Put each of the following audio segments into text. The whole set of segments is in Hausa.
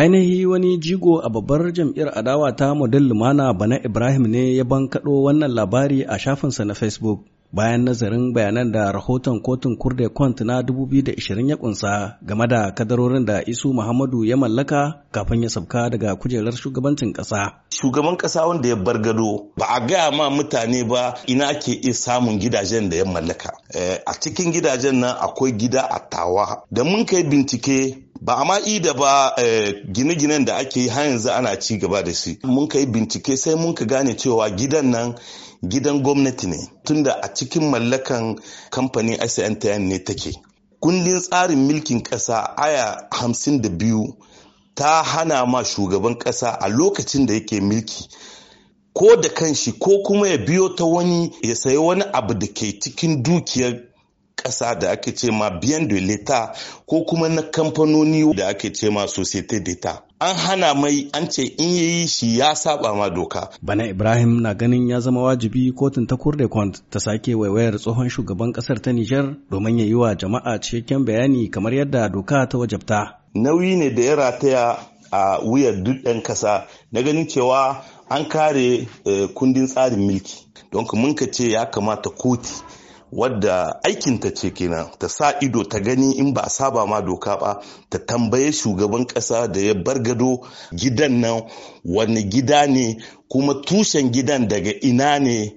ainihi wani jigo a babbar jam'iyyar adawa ta model lumana bana ibrahim ne ya bankaɗo wannan labari a shafinsa na facebook bayan nazarin bayanan da rahoton kotun kurde kwant na 2020 ya kunsa game da kadarorin da isu muhammadu ya mallaka kafin ya sabka daga kujerar shugabancin kasa shugaban kasa wanda ya bar gado ba a gaya ma mutane ba ina ke iya samun gidajen da ya mallaka eh, a cikin gidajen nan akwai gida a tawa da mun kai bincike ba a ma'i da ba eh, gine-ginen da ake yi har yanzu ana ci gaba da shi mun ka yi bincike sai mun ka gane cewa gidan nan gidan gwamnati ne tunda a cikin mallakan kamfanin SNTN ne take kundin tsarin milkin ƙasa aya hamsin da biyu ta hana ma shugaban ƙasa a lokacin da yake milki ko da kanshi ko kuma ya biyo ta wani ya sayi wani abu da ke cikin dukiyar kasa da ake ce ma biyan de l'etat ko kuma na kamfanoni da ake ce ma societe d'etat an hana mai an ce in yi shi ya saba ma doka. Bana Ibrahim na ganin ya zama wajibi kotun ta kont ta sake waiwayar tsohon shugaban kasar ta Nijar domin ya yi wa jama'a cikakken bayani kamar yadda doka ta wajabta. Nauyi ne da ya rataya a wuyar duk ɗan kasa na ganin cewa an kare eh, kundin tsarin mulki. Don mun ka ce ya kamata koti wadda aikinta ce kenan ta sa ido ta gani in ba a saba ma doka ba ta tambaye shugaban kasa da ya bar gado gidan nan wani gida ne kuma tushen gidan daga ina ne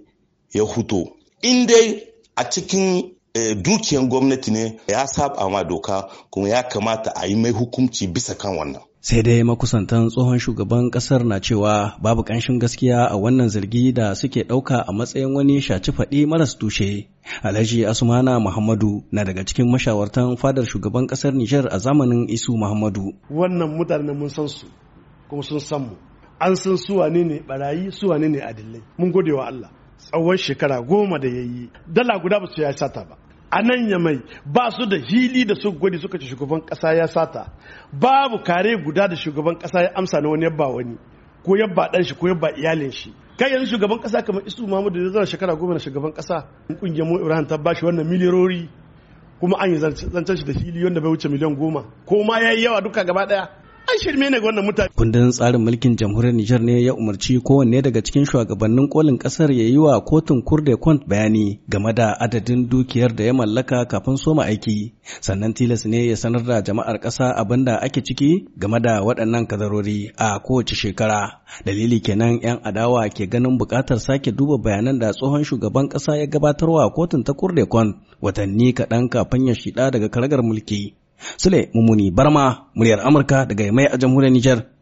ya huto in dai a cikin eh, dukiyan gwamnati ne ya saba ma doka kuma ya kamata a yi mai hukunci bisa kan wannan sai dai makusantan tsohon shugaban kasar na cewa babu ƙanshin gaskiya a wannan zargi da suke ɗauka a matsayin wani shaci faɗi maras tushe Alhaji Asmana Muhammadu na daga cikin mashawartan fadar shugaban kasar Nijar a zamanin Isu Muhammadu. Wannan mutane mun san su kuma sun san mu. An san su wane ne barayi su wane ne adillai. Mun gode wa Allah. Tsawon shekara goma da yayi dala guda ba su ya sata ba. A nan ya mai ba su da hili da su gwadi suka ce shugaban kasa ya sata. Babu kare guda da shugaban kasa ya amsa na wani yabba wani. ko yabba ɗan shi ko yabba iyalin shi kai yanzu shugaban kasa kamar isu mahmud da zan shekara goma na shugaban kasa kungiyar mu ibrahim ta bashi wannan miliyorori kuma an yi zancen shi da fili wanda bai wuce miliyan goma ko ma yayi yawa duka gaba daya an shirme ne wannan mutane. Kundin tsarin mulkin jamhuriyar Nijar ne ya umarci kowanne daga cikin shugabannin kolin kasar ya yi wa kotun kurde kwant bayani game da adadin dukiyar da ya mallaka kafin soma aiki. Sannan tilas ne ya sanar da jama'ar ƙasa abin da ake ciki game da waɗannan kadarori a kowace shekara. Dalili kenan 'yan adawa ke ganin buƙatar sake duba bayanan da tsohon shugaban ƙasa ya gabatarwa kotun ta kurde kwant watanni kaɗan kafin ya shiɗa daga karagar mulki. Sule Mumuni Barma, muryar Amurka daga mai a jamhuriyar Nijar.